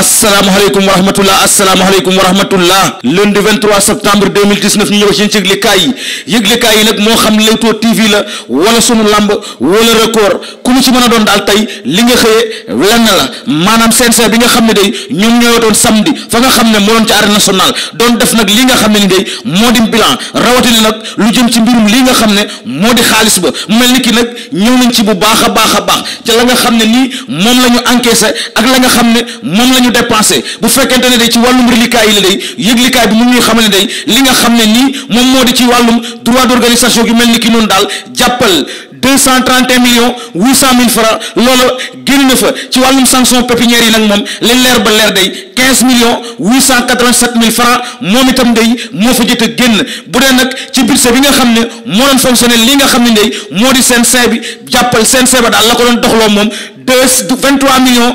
asalaamaaleykum wa rahmatullah asalaamaaleykum wa rahmatullah lundi 23 septembre 2019 ñu ñëw ci yëglekaay yi kaay yi nag moo xam Leewtoo TV la wala sunu lamb wala record ku mu ci mën a doon daal tey li nga xëyee lenn la maanaam CNG bi nga xam ne day ñoom ñoo doon samedi fa nga xam ne moo doon ci arène nationale doon def nag li nga xam ne ni moo di bilan rawatina nag lu jëm ci mbirum li nga xam ne moo di xaalis ba mel ni ki nag ñëw nañ ci bu baax a baax a baax ca la nga xam ne nii moom la ñu encaissé ak la nga xam ne moom la ñu dépensé bu fekkente ne day ci wàllum relikaay yi la day yëglikaay bi mu ngi xamal ne day li nga xam ne nii moom moo di ci wàllum droit d'organisation gi mel ni ki noonu daal jàppal deux cent trente et un francs loola génn na fa ci wàllum sanction pépinière yi nag moom li leer ba leer day quinze millions huit moo fa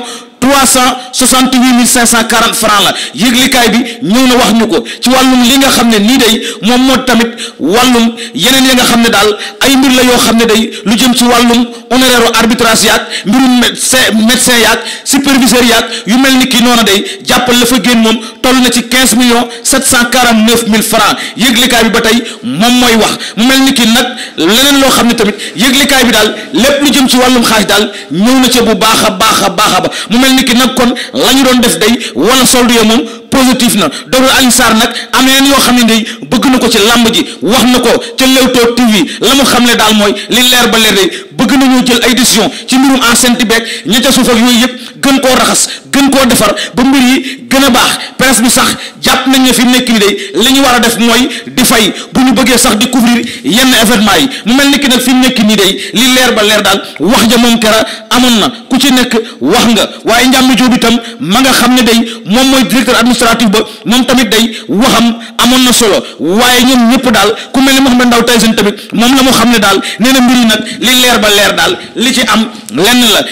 a génn trois cent soixante huit mille cinq cent quarante francs la yëglikaay bi ñëw na wax ñu ko ci wàllum li nga xam ne nii day moom moo tamit wàllum yeneen ya nga xam ne daal ay mbir la yoo xam ne day lu jëm ci wàllum honoraire arbitrage yaag mbirum médecin médecin yaag superviseur yaag yu mel ni kii noonu day jàppal la fa génn moom toll na ci quinze millions sept cent quarante neuf mille francs yëglikaay bi ba tey moom mooy wax mu mel ni kii nag leneen loo xam ne tamit yëglikaay bi daal lépp lu jëm ci wàllum xaalis daal ñëw na ca bu baax a baax a baax mel ni ki nag kon la ñu doon def day wala soldu ya moom positif na docteur Alioune Sarr nag am na yoo xam ne day bëgg na ko ci làmb ji wax na ko ca Leewtoo TV la mu xam ne daal mooy li leer ba leer day bëgg nañoo jël ay décision ci mbirum enceinte beeg ña ca suuf ak yooyu yëpp gën koo raxas gën koo defar ba mbir yi gën a baax presse bi sax jàpp nañ ne fi mu nekk nii de li ñu war a def mooy di fay bu ñu bëggee sax di couvrir yenn événement yi mu mel ni ki nag fi mu nekk nii de li leer ba leer daal wax ja moom kera amoon na ku ci nekk wax nga waaye njàmm joob itam ma nga xam ne day moom mooy directeur administratif ba moom tamit day waxam amoon na solo waaye ñoom ñëpp daal ku mel ni Mouhamed Ndao Tyson tamit moom la mu xam ne daal nee na mbir nag li leer ba leer daal li ci am lenn la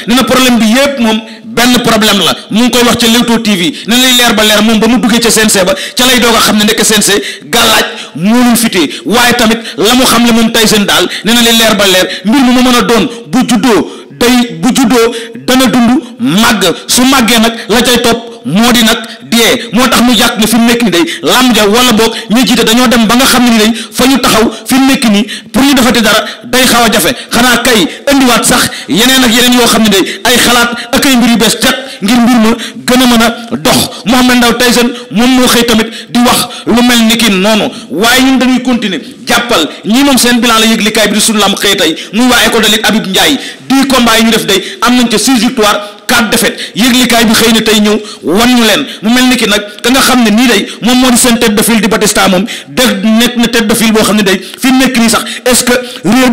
bi benn problème la mu ngi koy wax ca Leewtoo TV ne lay leer ba leer moom ba mu duggee ca CNG ba ca lay doo a xam ne nekk CNG gàllaaj moolul fitee waaye tamit la mu xam le moom tey seen daal ne na lay leer ba leer mbir mu mu mën a doon bu juddoo day bu juddoo dana dund màgg su màggee nag la cay topp moo di nag dee moo tax mu yàq ne fi mu nekk ni day làmb ja wala boog ñu jiite dañoo dem ba nga xam ne ni day fa ñu taxaw fi mu nekk ni ñu defati dara day xaw a jafe xanaa kay indiwaat sax yeneen ak yeneen yoo xam ne day ay xalaat ak ay mbir yu bees teg ngir mbir ma gën a mën a dox ndaw tey Tyson moom moo xëy tamit di wax lu mel ni kii noonu waaye ñun dañuy continuer jàppal ñii moom seen bilan la yëglikaay bi di sunu lam xëy tey muy waa école de lutte Habib Ndiaye dix yi ñu def day am nañ ca six victoires quatre défaites yëglikaay bi xëy na tey ñëw wan nu leen mu mel ni kii nag ka nga xam ne nii day moom moo di seen tête de file di Batista moom de nekk na tête de file boo xam ne day fi nekk nii sax est-ce que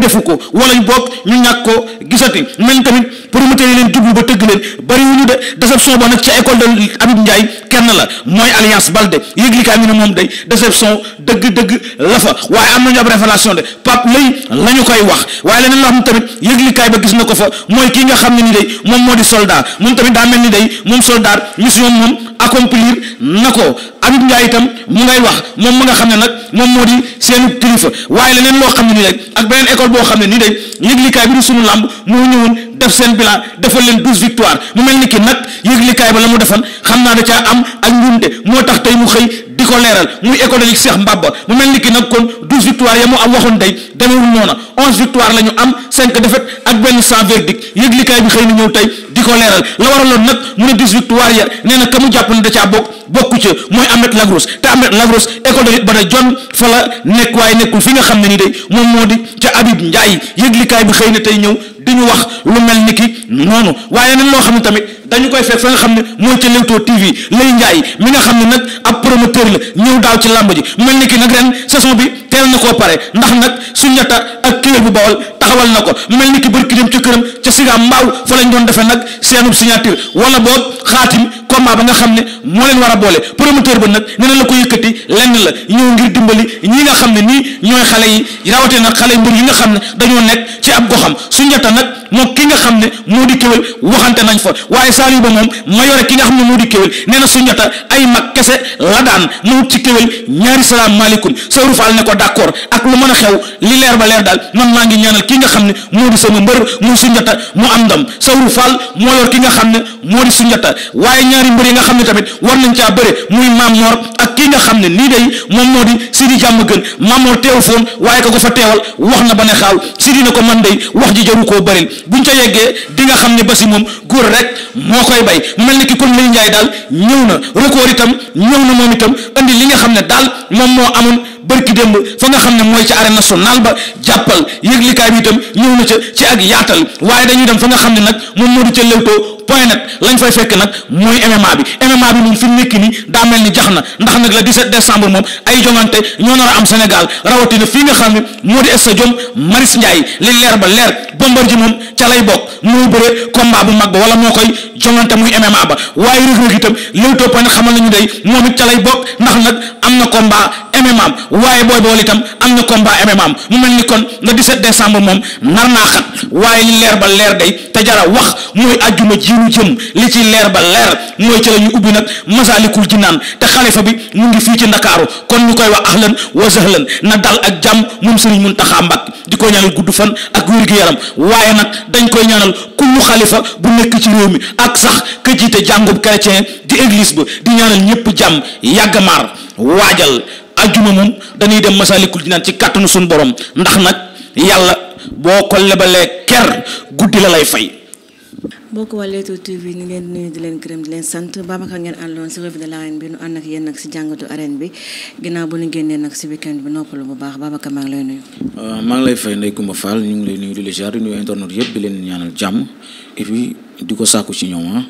defu ko wala ñu bokk ñu ko gisati mel ni tamit promoteur yi leen jublu ba tëgg leen bariwuñu de déception ba nag ca école de Abib Ndiaye kenn la mooy alliance Balde yëglikaay bi ne moom day déception dëgg-dëgg la fa waaye am nañu ab révélation de Pape la ñu koy wax waaye leneen loo xam tamit yëglikaay ba gis na ko fa mooy kii nga xam ne nii day moo di soldat moom tamit daa mel ni day moom soldat mission moom accomplir na ko Habib Ndiaye itam mu ngay wax moom mu nga xam ne nag moom moo di seen kilifa waaye leneen loo xam ne nii day ak beneen école boo xam ne nii day yëglikaay bi di sunu làmb moo ñëwoon def seen bilan defal leen douze victoire mu mel ni ki nag yëglikaay ba la mu defan xam naa da caa am ak njuumte moo tax tey mu xëy di ko leeral muy économique Cheikh Mbaba mu mel ni ki nag kon douze victoire ya mu am waxoon day demewul noona onze victoire la am cinq défaite ak benn sans verdict yëglikaay bi xëy na ñëw tey di ko leeral la waraloon nag mu ne dix victoire ya nee na jàpp ne da caa bokk bokku ca mooy Ahmed Lagros te Ahmed Lagros école ba da jon fa la nekk waaye nekkul fi nga xam ne ni moom moo di ca Habib Ndiaye yëglikaay bi xëy na tey ñëw di ñu wax lu mel ni ki dañu koy fekk fa nga xam ne mooy ca Leewtoo TV lay njaay mi nga xam ne nag ab promoteur la ñëw daaw ci làmb ji mel ni ki nag ren saison bi teel na koo pare ndax nag suñata ak kéwél bu bawal taxawal na ko mel ni ki ci këram ca sigaa mbaaw fa lañ doon defee nag seenub signature wala boob xaatim combat ba nga xam ne moo leen war a boole promoteur ba nag nee na la ko yëkkati lenn la ñoo ngir dimbali ñi nga xam ne nii ñooy xale yi rawatee nag xale mbir yi nga xam ne dañoo nekk ci ab goxam suñata nag moom ki nga xam ne moo di kéwél waxante nañ fa waaye saaliyu ba moom ma yore ki nga xam ne moo di kéwél nee na suñata ay mag kese la daan ma ci kéwél ñaari salaam maaleykum sawru faal ne ko d'accord ak lu mën a xew li leer ba leer daal man maa ngi ñaanal ki nga xam ne moo di sama mbër muy Sunjata mu am ndam Sawru Fall moo yor ki nga xam ne moo di Sunjata waaye ñaari mbër yi nga xam ne tamit war nañ caa bëre muy Maam Mor ak ki nga xam ne nii day moom moo di Sidi jàmm gën Maam Mor waaye ka ko fa teewal wax na ba ne xaaw na ko man day wax ji jaru koo bëril buñ ca yeggee di nga xam ne basi moom góor rek moo koy bay mel ni ki kon lay njaay daal ñëw na record itam ñëw na moom itam indi li nga xam ne daal moom moo amoon bërki démb fa nga xam ne mooy ca arène nationale ba jàppal yëglikaay bi itam ñëw na ca ci ak yaatal waaye dañuy dem fa nga xam ne nag moom moo di ca Leewtoo point net lañ fay fekk nag mooy bi MMA bi moom mu nekk nii daa mel ni jax na ndax nag le 17 décembre moom ay jongante ñoo nar a am Sénégal rawatina fii nga xam ne moo di stadium Maris Ndiaye li leer ba leer Bombardier moom ca lay bokk muy bëre combat bu mag ba wala moo koy jongante muy MMA ba waaye Reug Reug itam Leewtoo point net xamal nañu day moom it ca lay bokk ndax nag am na combat MMA waaye booy bool itam am na combat MMA mu mel ni kon na le 17 décembre moom nar naa xat waaye li leer ba leer day te jara wax mooy ajjuma jiinu jëm li ci leer ba leer mooy ci la ñu ubbi nag Masaalikul Jinaan te xalifa bi mu ngi fii ci ndakaaru kon ñu koy wax ahlan wa sahlan na dal ak jàmm moom Sëriñ Muntaxa Mbàkke di koy ñaanal gudd fan ak wér-gu-yaram waaye nag dañ koy ñaanal kullu xalifa bu nekk ci réew mi ak sax ka jiite jàngub chrétien di église ba di ñaanal ñëpp jàmm yàgg maar waajal ajjuma moom dañuy dem masalikul jinaan ci kàttanu suñu borom ndax nag yàlla boo ko lebalee ker guddi la lay fay. mbokk waa Leewtoo TV ñu leen nuyu di leen gërëm di leen sant Babacar ngeen àndoon si revue de ànd ak yéen nag si jàngatu arène bi ginnaaw bu ñu génnee nag si weekend bi noppalu bu baax Babacar maa ngi lay nuyu. Euh, maa ngi lay fay Ndeye Coumba Fall ñu ngi lay nuyu di la ziar di internet yëpp di leen ñaanal jàmm et puis di ko sàkku ci ñoom ah.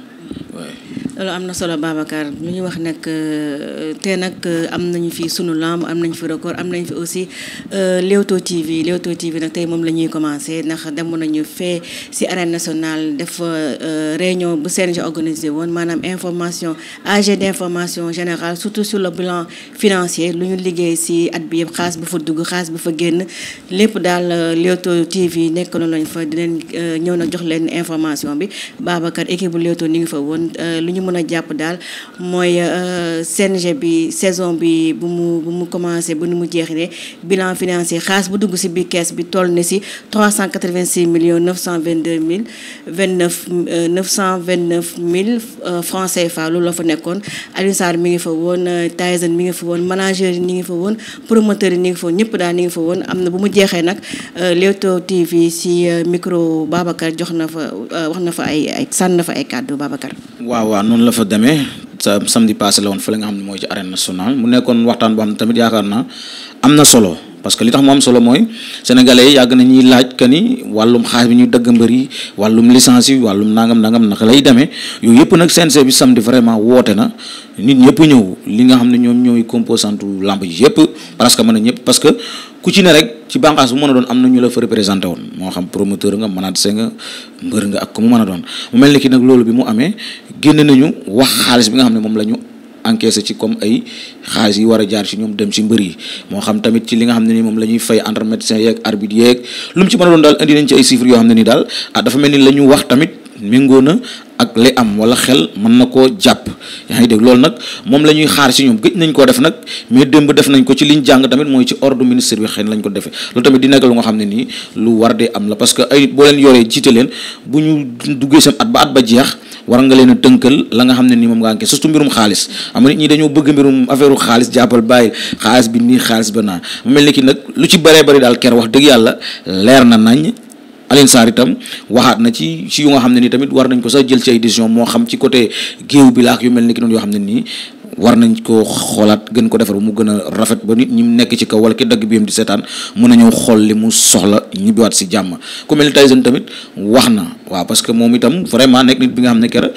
loolu am na solo Babacar mi ngi wax nag euh, te nag euh, am nañu fi sunu lamb am nañu fi record am nañu fi aussi euh, Leewtoo TV Leewtoo TV nag tey moom la ñuy commencé ndax demoon nañu fee ci arène nationale def réunion bu CNG organisé woon maanaam information AG d'information général surtout sur le bilan financier lu ñu liggéey ci at bi yëpp xaalis bu fa dugg xaalis bu fa génn lépp daal Leewtoo TV nekk na lañ fa leen ñëw na jox leen information bi Babacar équipe bu Leewtoo ni ngi fa xam euh, lu ñu mën a jàpp daal mooy euh, CNG bi saison bi bu mu bu mu commencé bu nu mu jeexee bilan financier xaalis bu dugg si biir kees bi toll na si 386 millions 922 mille 29 929 euh, mille francs CFA loolu la fa nekkoon Alioune Sarr mi ngi fa woon Tyson mi ngi fa woon manager yi ni ngi fa woon promoteur yi ni ngi fa woon ñëpp daal ñi ngi fa woon am na bu mu jeexee nag Leewtoo TV si micro Babacar jox na fa wax na fa ay ay sànn na fa waaw waaw noonu la fa demee sa samedi passé la woon fa fële nga xam ne mooy ci arène nationale mu nekkoon waxtaan boo xam ne tamit yaakaar naa am na solo parce que li tax mu am solo mooy sénégalais yàgg na ñuy laaj que ni wàllum xaalis bi ñuy dëgg mbër yi wàllum licence yi wàllum nangam nangam naka lay demee yooyu yëpp nag CNG bi samedi vraiment woote na nit ñëpp ñëw li nga xam ne ñoom ñooy composante lamb yi yëpp parce que mën na ñëpp parce que ku ci ne rek ci bànqaas bu mën a doon am na ñu la fa représenté woon moo xam promoteur nga manager nga mbër nga ak ku mu mën doon mu mel ni ki nag loolu bi mu amee génn nañu wax xaalis bi nga xam ne moom la ñu encaissé ci comme ay xaalis yi war a jaar ci ñoom dem ci mbër yi moo xam tamit ci li nga xam ne ni moom la ñuy fay entre médecins yeeg arbitre yeeg lu mu ci mën a doon daal indi nañ ci ay chiffres yoo xam ne ni daal ah dafa mel ni la ñu wax méngoo na ak li am wala xel mën na koo jàpp yaa ngi dégg loolu nag moom la ñuy xaar ci ñoom gëj nañ koo def nag mais démb def nañ ko ci liñ jàng tamit mooy ci ordre ministre bi xëy na lañ ko defee loolu tamit di nekk lu nga xam ne nii lu war de am la parce que ay boo leen yoree bu ñu duggee seen at ba at ba jeex war nga leen a tënkal la nga xam ne nii moom nga anke surtout mbirum xaalis am na nit ñi dañoo bëgg mbirum affaire xaalis jàppal bàyyi xaalis bi nii xaalis ba naa mel ni ki nag lu ci bëree bëri daal ker wax dëgg yàlla leer na nañ Alioune Sarr itam waxaat na ci ci yu nga xam ne nii tamit war nañ ko sax jël ci ay décision moo xam ci côté géew bi laak yu mel ni ki noonu yoo xam ne nii war nañ ko xoolaat gën ko defar mu gën a rafet ba nit ñi nekk ci kaw wala ki dagg bi yam di seetaan mun a ñëw xool li mu soxla ñibbiwaat si jàmm ku mel ni Tyson tamit wax na waaw parce que moom itam vraiment nekk nit bi nga xam ne kera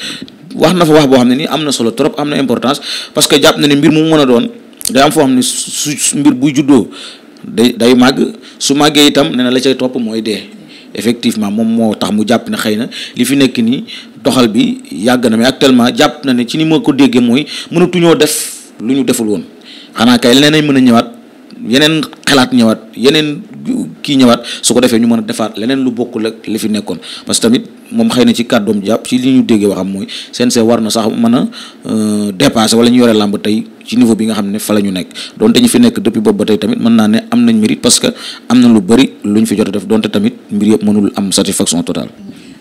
wax na fa wax boo xam ne nii am na solo trop am na importance parce que jàpp na ne mbir mu mën a doon day foo xam ne mbir buy juddoo day day màgg su màggee itam nee na la cay topp mooy dee effectivement moom moo tax mu jàpp ne xëy na li fi nekk nii doxal bi yàgg na mais actuellement jàpp na ne ci ni ma ko déggee mooy mënatuñoo def lu ñu deful woon xanaa kay leneen mën a ñëwaat. yeneen xalaat ñëwaat yeneen kii ñëwaat su ko defee ñu mën a defaat leneen lu bokkul ak li fi nekkoon parce que tamit moom xëy na ci kàddoom jàpp ci li ñu déggee waxam mooy CNG war na sax mën a euh, dépasser wala ñu yore làmb tey ci niveau bi nga xam ne fa la ñu nekk donte ñu fi nekk depuis boobu ba tey tamit mën naa ne am nañ mérite parce que am na lu bëri luñ fi jot a def donte tamit mbir yëpp mënul am satisfaction totale.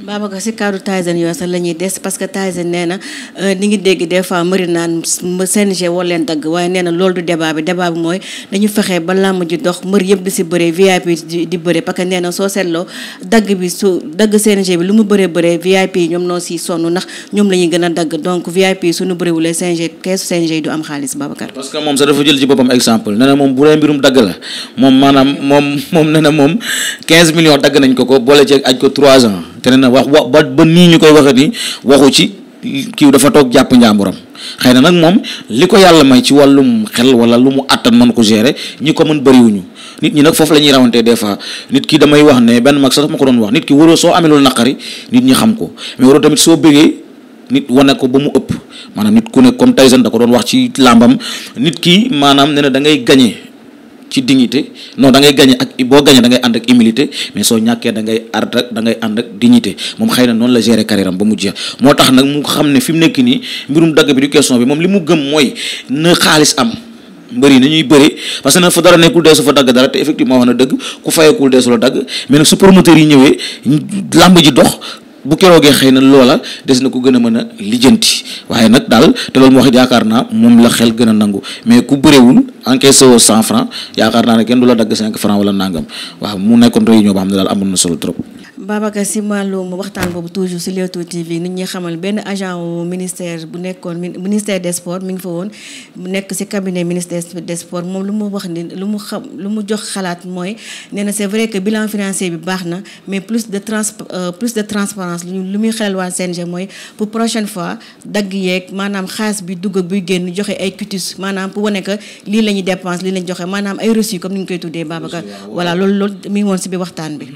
Babacar si cadre Tyson yooyu sax la des parce que Tyson nee na euh, ni ngi dégg des fois mëri naan CNG war leen dagg waaye nee na loolu du débat bi débat bi mooy dañu fexe ba làmb ji dox mër yëpp di si bëree VIP di di bëree parce que nee na soo seetloo dagg bi su dagg CNG bi lu mu bëree bëree VIP yi ñoom noo siy sonn ndax ñoom la ñuy gën dagg donc VIP yi suñu bëriwulee CNG keesu CNG du am xaalis Babacar. parce que moom sax dafa jël ci boppam exemple nee na moom bu dee moom maanaam moom moom nee na moom 15 millions dagg nañ ko ko boole ci aj ko 3 wax wa ba ba nii ñu koy waxee nii waxu ci kiiw dafa toog jàpp njàmburam xëy na nag moom li ko yàlla may ci wàllum xel wala lu mu àttan man ko gérer ñi ko mën bëriwuñu nit ñi nag foofu la ñuy rawantee des fois nit ki damay wax ne benn mag sax daf ma ko doon wax nit ki waroo soo amee lu naqari nit ñi xam ko mais waroo tamit soo bëggee nit wane ko ba mu ëpp maanaam nit ku ne comme Tyson da ko doon wax ci làmbam nit ki maanaam ne na da ngay gañe ci dignité non da ngay gagné ak boo gagné da ngay ànd ak humilité mais soo ñàkkee da ngay ànd ak da ngay ànd ak dignité moom xëy na noonu la gérer carrière am ba mu jeex moo tax nag mu xam ne fi mu nekk nii mbirum dagg bi du question bi moom li mu gëm mooy na xaalis am mbër yi nañuy bëri parce que nag fa dara nekkul deesu fa dagg dara te effectivement wax na dëgg ku fayekul deesu la dagg mais nag su promoteur yi ñëwee làmb ji dox bu keroogee xëy na loola des na ko gën a mën a lijjanti waaye nag daal te loolu moo wax yaakaar naa moom la xel gën a nangu mais ku bëréewul encaissé woo cent franc yaakaar naa ne kenn du la dagg cinq franc wala nangam waaw mu nekkoon réunion boo xam ne daal amoon na solo trop Babacar si màllum waxtaan boobu toujours si Leewtoo TV nit ñi xamal benn agent wu ministère bu nekkoon ministère de sports mi ngi fa woon nekk si cabinet ministère des sports moom lu mu wax mu xam lu mu jox xalaat mooy nee na c'est vrai que bilan financier bi baax na mais plus de trans euh, plus lu muy xelal waa CNG mooy pour prochaine fois dagg yeeg maanaam xaalis bi dugg buy génn joxe ay cutis maanaam pour wane que lii la ñuy dépense lii la ñu joxe maanaam ay reçu comme ni ñu koy tuddee Babacar voilà loolu loolu mi ngi si biir waxtaan bi.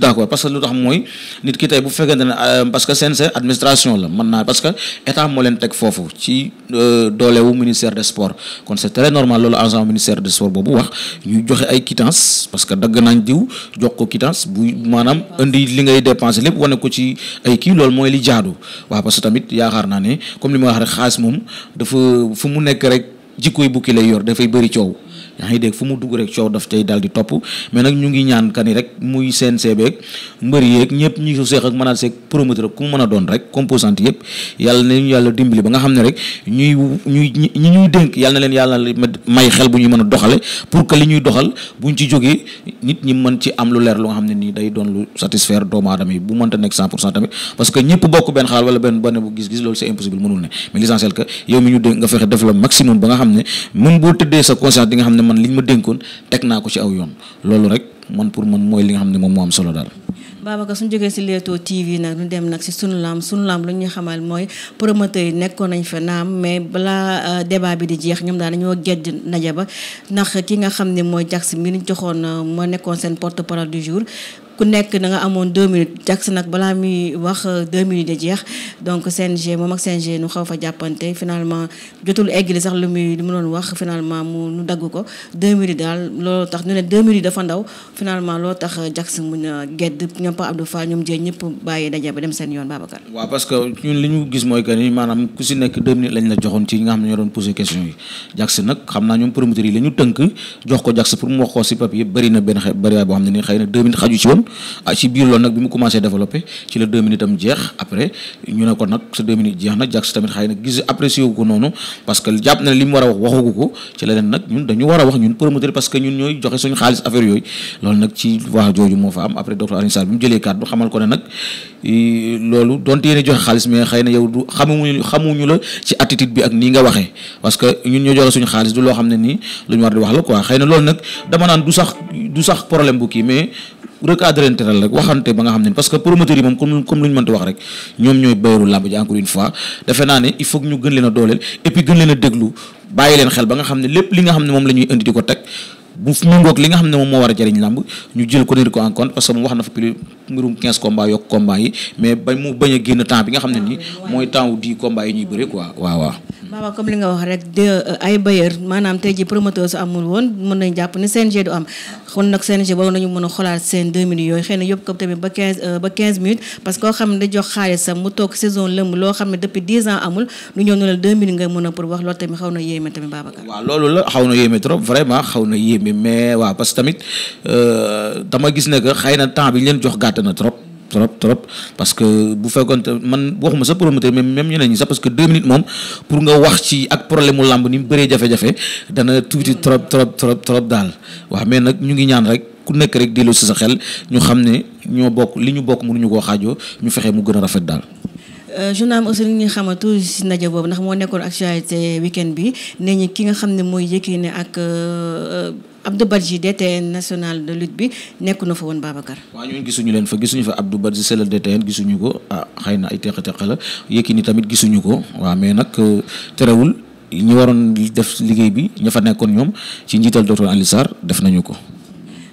d' accord parce que lu tax mooy nit ki tey bu fekkente ne euh, parce que CNG administration la mën naa parce que état moo leen teg foofu ci euh, doolewu ministère de sports kon c' est très normal loolu agent ministère de sports boobu wax ñu joxe ay quittance parce que dagg nañ diw jox ko quittance bu maanaam indi li ngay dépensé lépp wane ko ci ay kii lool mooy li jaadu waaw parce que tamit yaakaar naa ne comme li ma wax rek xaalis moom dafa fu mu nekk rek jikkoy bukki lay yor dafay bëri coow yaa ngi dégg fu mu dugg rek ñu ngi ñaan kan yi rek muy CNG beeg mbër yeeg ñëpp a doon rek composante yëpp yàlla na xam ne ñuy ñuy bu ci jógee nit ñi mën ci lu leer lu nga xam ne day doon lu satisfaire doomu aadama yi bu mënta nekk cent pour cent tamit parce que ñëpp bokk benn xaal wala benn bane bu gis-gis loolu c'est impossible mënul ne mais l'essentiel que yow mi ñu dénk nga fexe def la maximum ba nga xam ne mën boo tëddee sa conscience di xam ne man liñ ma dénkoon teg naa ko ci aw yoon loolu rek man pour man mooy li nga xam ne moom moo am solo daal. Babacar suñu jógee si Leewtoo TV nag ñu dem nag si sunu lamb sunu lamb lu ñu xamal mooy promoteur yi nekkoon nañ fa naam mais balaa euh, débat bi di jeex ñoom daal dañoo gedd ndaje ba ndax ki nga xam ne mooy jax si mi ñu joxoon euh, moo nekkoon seen porte parole du jour. ku nekk da nga amoon deux minutes Jackson nag balaa muy wax euh, deux jeex donc CNG moom ak CNG nu xaw fa jàppante finalement jotul eggali sax lu muy lu mu doon wax finalement mu ko deux minutes daal looloo tax ñu ne deux minutes dafa ndaw finalement euh, a gedd xam naa ñoom promoteurs yi la tënk jox ko Jackson pour mu wax ko si papier bëri na benn xe boo xam ne nii xëy na deux minutes xaju ci woon ah ci biir loolu nag bi mu commencé développé ci la deux minutes am jeex après ñu ne ko nag sa deux minutes jeex na Jax tamit xëy na gis apprécié wu ko noonu parce que jàpp na li mu war a wax ko ci la leen nag ñun dañu war a wax ñun promoteur parce que ñun ñooy joxe suñu xaalis affaire yooyu loolu nag ci wax jooju am après docteur Alioune Sarr bi ko ne nag loolu donte yéen joxe xaalis mais xëy na yow du xamuñu xamuñu la ci attitude bi ak nii nga waxee parce que ñun ñoo joxe suñu xaalis du loo xam ne nii lu ñu war di wax la quoi xëy na loolu nag dama naan du sax du sax problème bu kii mais recadrante na rek waxante ba nga xam ne parce que promoteur yi moom comme lu ñu mënti wax rek ñoom ñooy bayaru làmb ji encore fois defe naa ne il faut que ñu gën leen a dooleel et puis gën leen a déglu bàyyi leen xel ba nga xam ne lépp li nga xam ne moom la ñuy indi di ko teg bu mu ngoog li nga xam ne moom moo war a jëriñ làmb ñu jël ko ko en compte parce wax na fa plus mbirum 15 combats yokk combats yi mais ba mu bañ a génn temps bi nga xam ne nii ah, mooy temps wu 10 combats yi ñuy bëre waaw comme li nga wax rek euh, ay bailleur maanaam tey ji promoteur su amul woon mën nañ jàpp ne CNG du am kon nag CNG waroon nañu mën a xolaat seen deux minutes yooyu xëy na yóbbu ko tamit ba 15 euh, ba 15 minutes parce que koo xam ne da jox xaalisam mu toog saison lëmm loo xam ne depuis 10 ans amul lu ñëw ne la deux minutes nga mën a pour wax loolu tamit xaw na yéeme tamit Babacar waaw loolu la xaw na yéeme trop vraiment xaw na mi mais waaw parce que tamit euh, dama gis ne xëy na temps bi leen jox gàtt na trop trop trop parce que bu fekkoon te man waxuma sa promoteur mais même ñeneen ñi sax parce que deux minutes moom pour nga wax ci ak problème mu làmb ni mu bëree jafe-jafe dana tuuti trop trop trop trop daal waa mais nag ñu ngi ñaan rek ku nekk rek dellu si sa xel ñu xam ne ñoo bokk li ñu bokk nu ñu ko xaajoo ñu fexe mu gën a rafet daal. Euh, journal aussi li ñu si ndaje boobu ndax moo nekkoon actualité weekend bi nee ñi ki nga xam ne mooy Yékini ak. Euh, Abdou Badji DTN national de lutte bi nekku na fa woon Babacar. waaw ñooñu gisuñu leen fa gisuñu fa Abdou Badji selal DTN gisuñu ko ah xëy na ay teq-teq la Yékini tamit gisuñu ko waaw mais nag euh, terewul ñi waroon def liggéey bi ña fa nekkoon ñoom ci njiital docteur Alioune def nañu ko.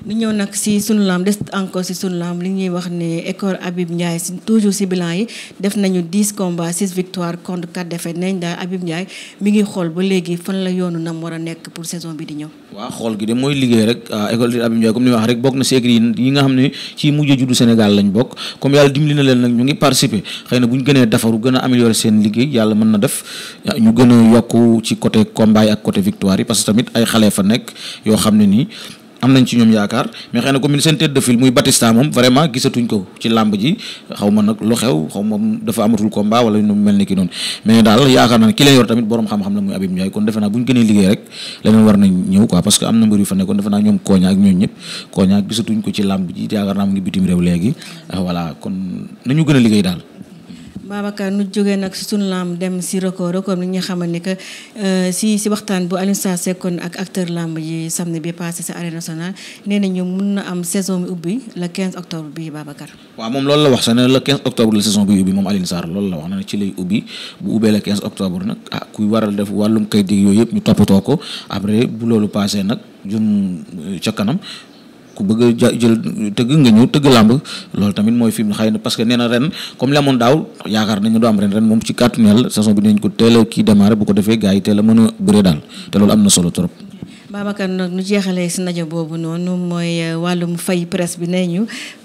ñu ñëw nag si sunu laam des encore si sunu laam li ñuy wax ne école Habib Ndiaye si toujours si bilan yi def nañu 10 combats 6 victoires contre 4 défaites nañ daal Habib Ndiaye mi ngi xool ba léegi fan la yoonu nam war a nekk pour saison bi di ñëw. waaw xool gi de mooy liggéey rek ah, école di Habib Ndiaye comme ni wax rek bokk na si écrit yi nga xam ne ci mujj juddu Sénégal lañ bokk comme yàlla dimbali na leen nag ñu ngi participer xëy na bu ñu gënee defaru gën a améliorer seen liggéey yàlla mën na def ah, ñu gën a yokk ci côté combat ak côté victoire yi parce que tamit ay xale fa yoo xam ne nii am nañ ci ñoom yaakaar mais xëy na commune seen tête de muy Batista moom vraiment gisatuñ ko ci làmb ji xaw ma nag lu xew xaw ma dafa amatul combat wala mel ni ki noonu mais daal yaakaar naa ne ki yor tamit borom xam-xam la muy Abib Ndiaye kon defe naa bu ñu gënee liggéey rek leneen war nañ ñëw quoi parce que am na mbir yu fa nekkoon defe naa ñoom kooña ak ñooñu ñëpp kooña gisatuñ ko ci làmb ji yaakaar naa mu ngi bitim réew léegi voilà kon a liggéey Babacar nu jóge nag si sunu làmb dem si record record ni nga xamal ni que euh, si si waxtaan bu Alioune Sarr sekkoon ak acteur làmb yi samedi bi passé sa arène nationale nee nañu mun na am saison bi ubbi le 15 octobre bi Babacar. waaw moom loolu la wax sax ne le octobre la saison bi ubbi moom Alioune Sarr loolu la wax na ci lay ubbi bu ubbee le 15 octobre nag ah kuy waral def wàllum kayit yooyu yëpp ñu toppatoo ko après bu loolu passé nag jëm euh, ca kanam. ku bëgg a jël tëgg nga ñëw tëgg làmb loolu tamit mooy fi mu xëy na parce que nee na ren comme li amoon daaw yaakaar nañu doo am ren ren moom ci kàttu yàlla saison bi nañ ko teel a kii démarré bu ko defee gars yi teel a mën a bëree daal te loolu am na solo trop. Babacar nag si ndaje boobu noonu mooy euh, wàllum fay presse bi nee ñu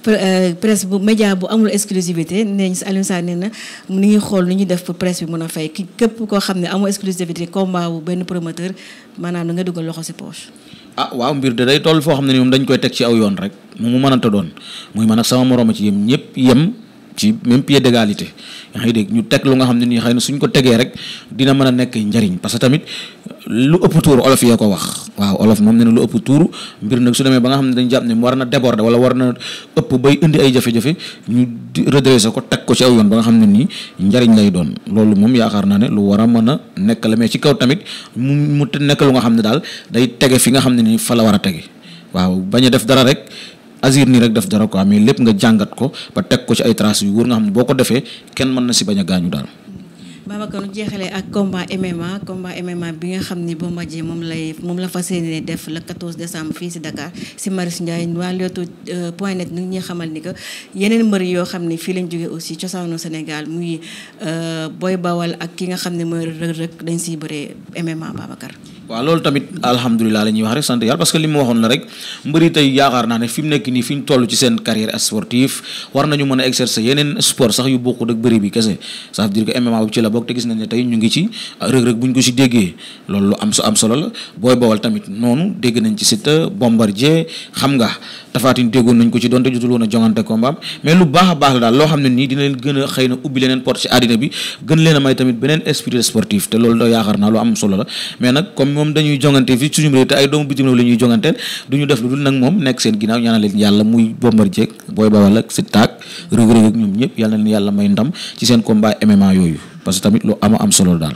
euh, presse bu média bu amul exclusivité nee ñu si Alioune Sarr nee na ni ngi xool nu ñuy def pour presse bi mën a fay képp koo xam ne amul exclusivité combat bu benn promoteur maanaam na nga dugal loxo si poche. ah waaw mbir de day toll foo xam ne ni moom dañ koy teg ci aw yoon rek mu mën a doon muy man ak sama moroom ci yem ñëpp yem ci même pied d'égalité yaa ngi dégg ñu teg lu nga xam ne nii xëy na suñ ko tegee rek dina mën a nekk njariñ parce que tamit lu ëpp tuur olof yee ko wax waaw olof moom ne na lu ëpp tuur mbir nag su demee ba nga xam ne dañ jàpp ne war na déborder wala war na ëpp bay indi ay jafe-jafe ñu redresser ko teg ko ci aw yoon ba nga xam ne nii njariñ lay doon loolu moom yaakaar naa ne lu war a mën a nekk la mais ci kaw tamit mu mu nekk lu nga xam ne daal day tege fi nga xam ne nii fa la war a tege azir nii rek def dara quoi mais lépp nga jàngat ko ba teg ko ci ay traces yu wóor nga xam ne boo ko defee kenn mën na si bañ a gaañu daal. Babacar ñu jeexalee ak combat MMA combat MMA bi nga xam ni Bombardier moom lay moom la fas yéene def le 14 décembre fii si Dakar si Marius Ndiaye waa Leewtoo euh, point net ñu ngi ñuy xamal ni que yeneen mbër yoo xam ne fii lañ jógee aussi cosaanu Sénégal muy euh, booy Bawal ak ki nga xam ne mooy Reug Reug dañ siy bëree MMA Babacar. waaw loolu tamit alhamdulilah la ñuy wax rek sant yàlla parce que li mu waxoon la rek mbëri tey yaakaar naa ne fi nekk nii fi ñu toll ci seen carrière sportive war nañu mën a exercer yeneen sport sax yu bokkut ak bëri bi kese ça veut dire que MMA bi ci la bokk te gis nañ ne tey ñu ngi ci rëg-rëg bu ko si déggee loolu lu am so am solo la booy bawal tamit noonu dégg nañ ci Siteu Bombardier xam nga tafaatin déggoon nañ ko ci doonte jotul woon a jongante combat mais lu baax a baax la daal loo ne nii dina leen xëy na ubbi leneen porte ci àddina gën leen may tamit beneen esprit sportif te loolu da yaakaar naa am solo la moom dañuy jongante fi suñu réew te ay doomu bitim réew la jonganteel du ñu def lu dul nag moom nekk seen ginnaaw ñaanal leen yàlla muy Bombardier Boy Bawal ak Siteu ak Reug Reug ak ñoom yàlla na leen yàlla may ndam ci seen combat MMA yooyu parce que tamit lu ama am solo daal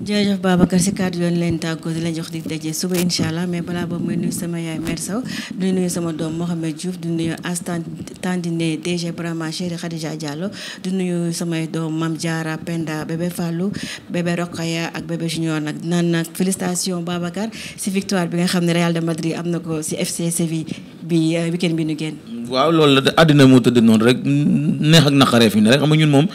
jërëjëf Babacar si kàddu yoon leen tàggoo di la jox di daje suba incha allah mais balaa boobu may nuyu sama yaay Mère Sow di nuyu sama doom Mohamed Diouf di nuyu Astan Tandine DG Brahma Chéri Khadija Diallo di nuyu samay doom Mam Diara Penda bébé Fallou bébé Rokhaya ak bébé Junior nag naan nag félicitation Babacar si victoire bi nga xam ne Real de Madrid am na ko si FC Séville bi euh, weekend bi ñu génn. waaw loolu la àddina moo tëdd noonu rek neex ak naqaree fi ne rek xam ñun moom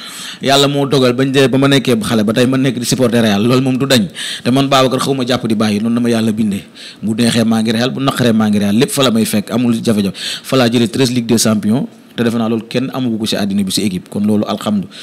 yàlla moo dogal bañ dee ba ma nekkee xale ba tey ma nekk di supporter Real loolu moom du dañ te man Babacar xaw ma jàpp di bàyyi noonu dama yàlla bindee bu neexee maa ngi Real bu naqaree maa ngi Real lépp fa la may fekk amul jafe-jafe fa laa jëlee treize Ligue des Champions te defe naa loolu kenn amagu ko si àddina bi si équipe kon loolu alhamdulilah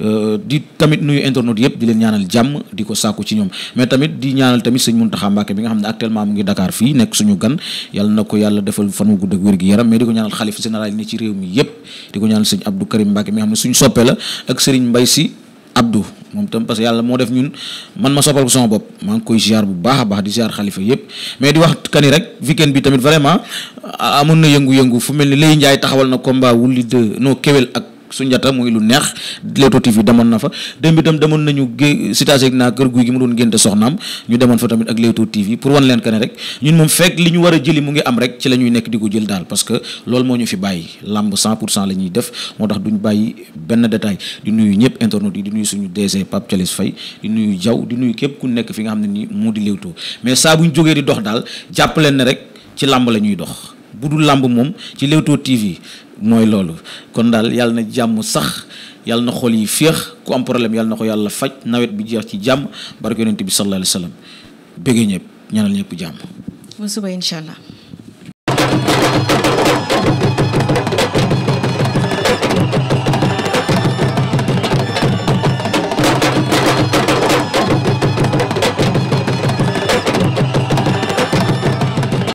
euh, di tamit nuyu internet yëpp di leen ñaanal jàmm di ko sàkku ci ñoom mais tamit di ñaanal tamit sëñ Muntaxa Mbàkke bi nga xam ne actuellement mu ngi dakaar fii nekk suñu gan yàlla na ko yàlla defal fan wu gudd ak wér gi yaram mais di ko ñaanal xalif général ni ci réew mi yëpp di ko ñaanal sëñ Abdou Karim Mbàkke mi nga xam ne suñu soppe la ak sëriñ Mbay Si Abdou moom tam parce yàlla moo def ñun man ma soppal ko sama bopp maa ngi koy ziar bu baax a baax di ziar xalifa yëpp mais di wax kani rek weekend bi tamit vraiment amoon na yëngu-yëngu fu mel ni Lay Njaay taxawal na combat wulli de non kéwél ak Sunjata muy lu neex Leewtoo TV demoon na fa démb itam demoon nañu gé sitageg naa kër guy gi mu doon génte soxnaam ñu demoon fa tamit ak Leewtoo TV pour wan leen que ne rek ñun moom fekk li ñu war a jëli mu ngi am rek ci la ñuy nekk di ko jël daal parce que loolu moo ñu fi bàyyi lamb 100 pour cent la def moo tax duñ bàyyi benn détail di nuyu ñëpp internautes yi di nuyu suñu DG Pape Thialis Faye di nuyu Diaw di nuyu képp ku nekk fi nga xam ne ni moo di Leewtoo mais saa buñ jógee di dox daal jàpp leen rek ci làmb la ñuy dox bu du làmb moom ci Leewtoo TV mooy loolu kon daal yàlla na jàmm sax yàlla na xol yi féex ku am problème yàlla na ko yàlla faj nawet bi jeex ci jàmm barke yonent bi sallallahu alayhi wa sallam bëgg ñëpp ñaanal jàmm.